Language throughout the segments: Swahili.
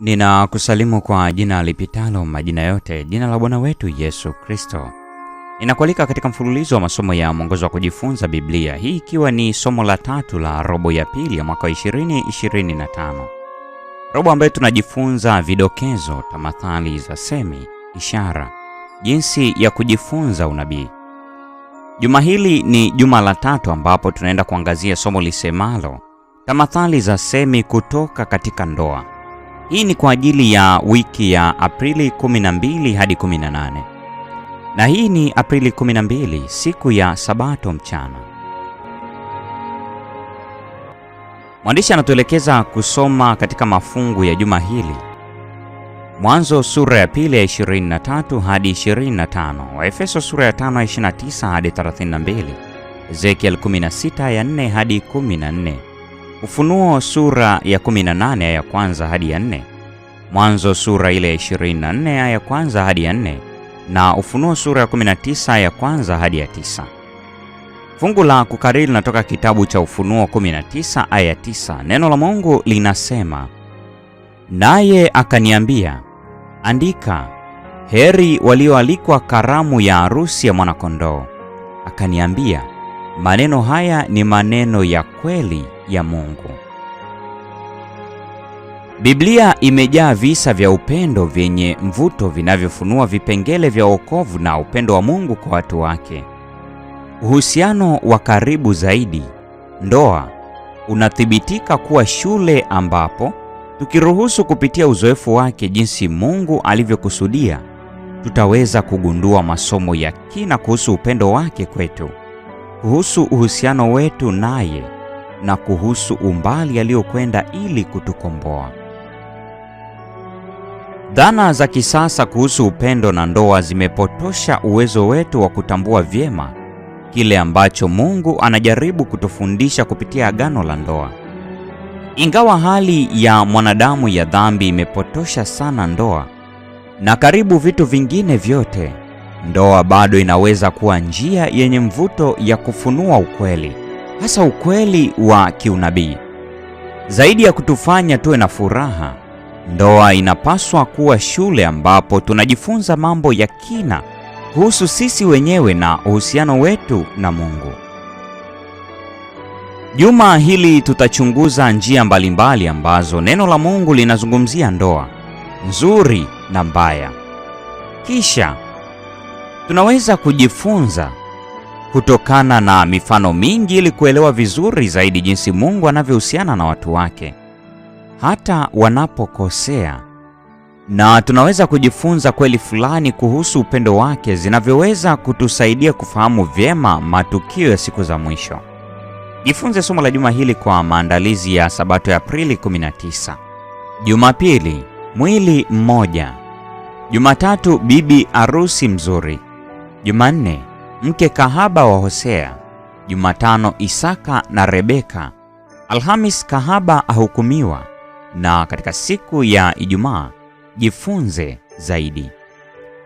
Ninakusalimu kwa jina lipitalo majina yote, jina la Bwana wetu Yesu Kristo. Ninakualika katika mfululizo wa masomo ya mwongozo wa kujifunza Biblia, hii ikiwa ni somo la tatu la robo ya pili ya mwaka wa 2025, robo ambayo tunajifunza vidokezo, tamathali za semi, ishara, jinsi ya kujifunza unabii. Juma hili ni juma la tatu ambapo tunaenda kuangazia somo lisemalo tamathali za semi kutoka katika ndoa. Hii ni kwa ajili ya wiki ya Aprili 12 hadi 18, na hii ni Aprili 12, siku ya Sabato mchana. Mwandishi anatuelekeza kusoma katika mafungu ya juma hili Mwanzo sura ya pili ya 23 hadi 25, Waefeso sura ya 5 29 hadi 32, Ezekiel 16 ya 4 hadi 14 Ufunuo sura ya 18 aya ya kwanza hadi ya 4, Mwanzo sura ile ya 24 aya kwanza hadi ya 4, na Ufunuo sura ya 19 aya ya kwanza hadi ya tisa. Fungu la kukariri linatoka kitabu cha Ufunuo 19 aya tisa. Neno la Mungu linasema, naye akaniambia, andika, heri walioalikwa karamu ya harusi ya mwanakondoo. Akaniambia, maneno haya ni maneno ya kweli ya Mungu. Biblia imejaa visa vya upendo vyenye mvuto vinavyofunua vipengele vya wokovu na upendo wa Mungu kwa watu wake. Uhusiano wa karibu zaidi, ndoa, unathibitika kuwa shule ambapo tukiruhusu kupitia uzoefu wake jinsi Mungu alivyokusudia, tutaweza kugundua masomo ya kina kuhusu upendo wake kwetu, kuhusu uhusiano wetu naye na kuhusu umbali aliyokwenda ili kutukomboa. Dhana za kisasa kuhusu upendo na ndoa zimepotosha uwezo wetu wa kutambua vyema kile ambacho Mungu anajaribu kutufundisha kupitia agano la ndoa. Ingawa hali ya mwanadamu ya dhambi imepotosha sana ndoa na karibu vitu vingine vyote, ndoa bado inaweza kuwa njia yenye mvuto ya kufunua ukweli hasa ukweli wa kiunabii. Zaidi ya kutufanya tuwe na furaha, ndoa inapaswa kuwa shule ambapo tunajifunza mambo ya kina kuhusu sisi wenyewe na uhusiano wetu na Mungu. Juma hili tutachunguza njia mbalimbali ambazo neno la Mungu linazungumzia ndoa nzuri na mbaya. Kisha tunaweza kujifunza kutokana na mifano mingi ili kuelewa vizuri zaidi jinsi Mungu anavyohusiana na watu wake hata wanapokosea, na tunaweza kujifunza kweli fulani kuhusu upendo wake zinavyoweza kutusaidia kufahamu vyema matukio ya siku za mwisho. Jifunze somo la juma hili kwa maandalizi ya Sabato ya Aprili 19. Jumapili, mwili mmoja. Jumatatu, bibi arusi mzuri. Jumanne, mke kahaba wa Hosea, Jumatano Isaka na Rebeka, Alhamis kahaba ahukumiwa, na katika siku ya Ijumaa jifunze zaidi.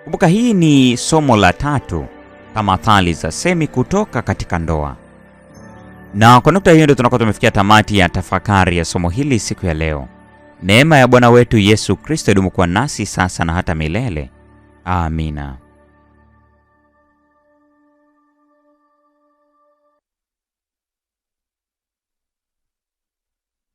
Kumbuka hii ni somo la tatu tamathali za semi kutoka katika ndoa. Na kwa nukta hiyo ndio tunakuwa tumefikia tamati ya tafakari ya somo hili siku ya leo. Neema ya Bwana wetu Yesu Kristo idumu kuwa nasi sasa na hata milele. Amina.